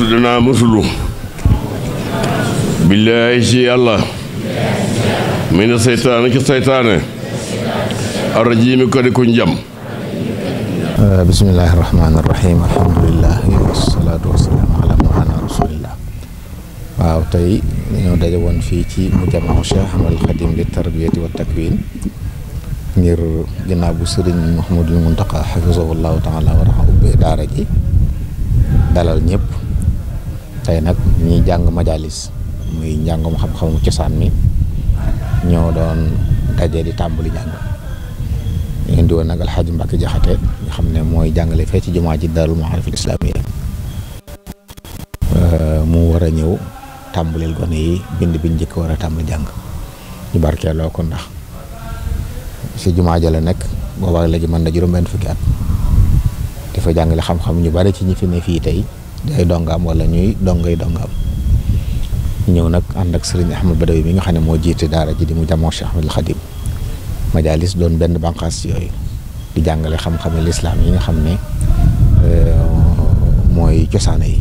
mosu danaa mosulu billaahi ci yàlla mi na seytaane ci seytaane arrajiimi ko di ku njam euh, bismillaahi rahmaani rahiim alhamdulillaahi wassalaatu wassalaamu alaa mawlaana rasuulillaah waaw tey ñoo daje woon fii ci mujamau Cheikh Ahmadul Xadim li tarbiyati wa takwin ngir ginnaaw bu sëriñ Mouhamadul Muntaqa xafisahu llaahu taala war a ubbee daara ji dalal ñëpp tey nag ñuy jàng majalis muy njàngum xam-xamu cosaan mi ñoo doon daje di tàmbali jàng ñu indi woon nag alxaaji Mbàkke Jaxate xam ne mooy jàngale fee ci jumaa ji Daarul Maarifil Islaamiyya mu war a ñëw tàmbalil gone yi bind biñ njëkk war a tàmbali jàng ñu barkeeloo ko ndax si jumaa ja la nekk boobaa léegi mën juróom-benn fukki at dafa jàngale xam-xam ñu bari ci ñi fi ne fii tey di ay dongaam wala ñuy dongay dongaam ñëw nag ànd ak sëriñ Ahmad Badawi mi nga xam ne moo jiite daara ji di mu jamoo Cheikh Ahmadul Xadim majalis doon benn banqaas yooyu di jàngale xam-xame lislaam yi nga xam ne euh, mooy cosaana yi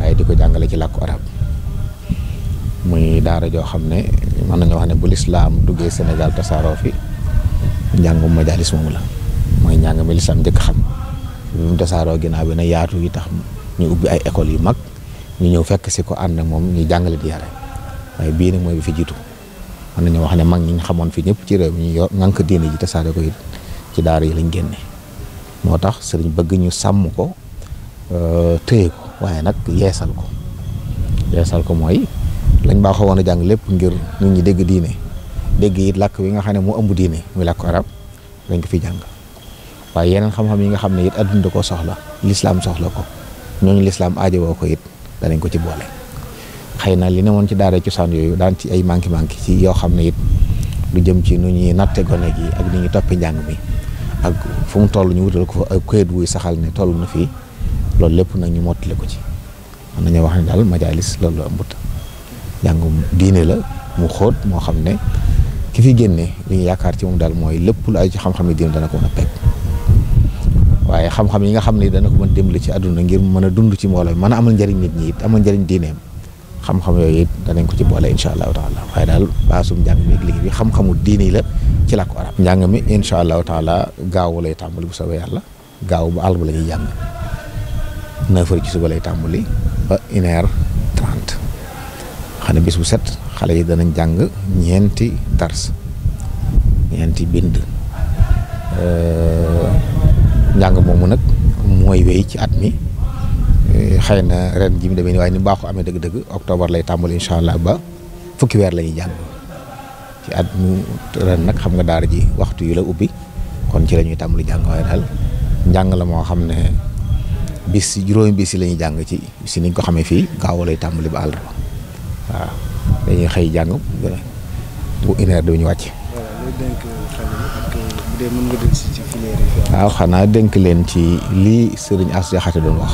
waaye di ko jàngale ci làkku arab muy daara joo xam ne mën nañu wax ne bu lislaam duggee Sénégal tasaaroo fi njàngum majalis moomu la mooy njàngame lislaam njëkk xam bi mu tasaaroo ginnaaw bi na yaatu yi ñu ubbi ay école yu mag ñu ñëw fekk si ko ànd ak moom ñu jàngale di yare waaye bii nag mooy bi fi jiitu mën nañu wax ne mag ñi ñu xamoon fi ñëpp ci réew mi ñu yor ngànk diine ji tasaare ko it ci daara yi lañ génne moo tax sëriñ bëgg ñu sàmm ko euh, téye ko waaye nag yeesal ko yeesal ko mooy lañ baaxoo woon a jàng lépp ngir nit ñu dégg diine dégg it làkk bi nga xam ne moo ëmb diine muy làkk arab dañ ko fi jàng waaye yeneen xam-xam yi nga xam ne it adduna ko soxla lislaam soxla ko ñooñu lislaam aajowoo ko it danañ ko ci boole xëy na li ne woon ci daara cosaan yooyu daan ci ay manqué manqué ci yoo xam ne it lu jëm ci nu ñuy natte gone gi ak ni ñu toppee njàng mi ak fu mu toll ñu wutal ko fa ak këyit wuy saxal ne toll na fii loolu lépp nag ñu mottali ko ci mën nañoo wax ne daal majaalis loolu la ëmbut njàngum diine la mu xóot moo xam ne ki fi génne lu ñu yaakaar ci moom daal mooy lépp lu ay ci xam-xam yi diine dana ko a pegg waaye xam-xam yi nga xam ne dana ko mën dimbali ci àdduna ngir mën a dund ci mbooloo man a amal njëriñ nit ñi it amal njëriñ diineem xam-xam yooyu it danañ ko ci boole insha allahu waaye daal baasum njàng bi xam-xamu diine la ci làkku arab njàng mi insha allah taala gaaw lay tàmbali bu soobee yàlla gaaw ba àll ba la ñuy jàng neuf heures ci suba lay tàmbali ba une heure trente bis bu set xale yi danañ jàng ñeenti dars ñeenti bind euh, njàng moomu nag mooy wéy ci at mi eh, xëy na ren ji mu demee nii waaye ni baaxu amee dëgg-dëgg octobre lay tàmbali incha allah ba fukki weer lañuy ñuy jàng ci at mu ren nag xam nga daara ji waxtu yu la ubbi kon ci la ñuy tàmbali jàng waaye daal njàng la moo xam ne bis juróomi bis yi lañuy jàng ci si niñ ko xamee fii gaaw lay tàmbali ba àll ba waaw dañuy xëy jàng bu une heure dañuy wàcc. Euh, waaw xanaa dénk leen ci lii sëriñ As Jaxate doon wax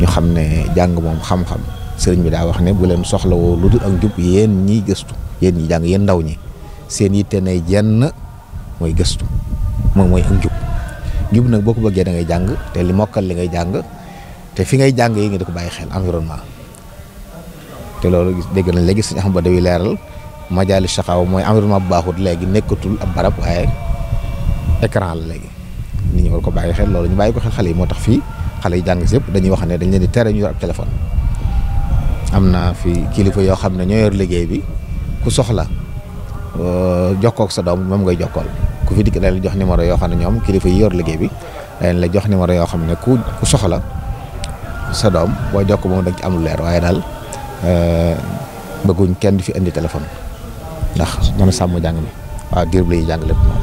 ñu xam ne jàng moom xam-xam sëriñ bi daa wax ne bu leen soxlawoo lu dul ak njub yéen ñi gëstu yéen ñi jàng yéen ndaw ñi seen yitte ne jenn mooy gëstu moom mooy ak njub njub nag boo ko bëggee dangay jàng te li mokkal li ngay jàng te fi ngay jàng yi nga di ko bàyyi xel environnement te loolu dégg nañ léegi suñu xam ba dawi leeral majaali saxaaw mooy environnement bu baaxut léegi nekkatul ab barab waaye écran la léegi nit ñi war ko bàyyi xel loolu ñu bàyyi ko xel xale yi moo tax fii xale yi jàng si yëpp dañuy wax ne dañ leen di tere ñu téléphone am na fi kilifa yoo xam ne ñoo yor liggéey bi ku soxla euh, jokkook sa doom moom ngay jokkool ku fi dikk dañ la jox numéro yoo xam ne ñoom kilifa yor liggéey bi dañ la jox numéro yoo xam ne ku ku soxla sa doom boo jokk moom da nga ci amul leer waaye daal euh, bëgguñ kenn di fi indi téléphone ndax mën a sàmm jàng mi waaw diir bu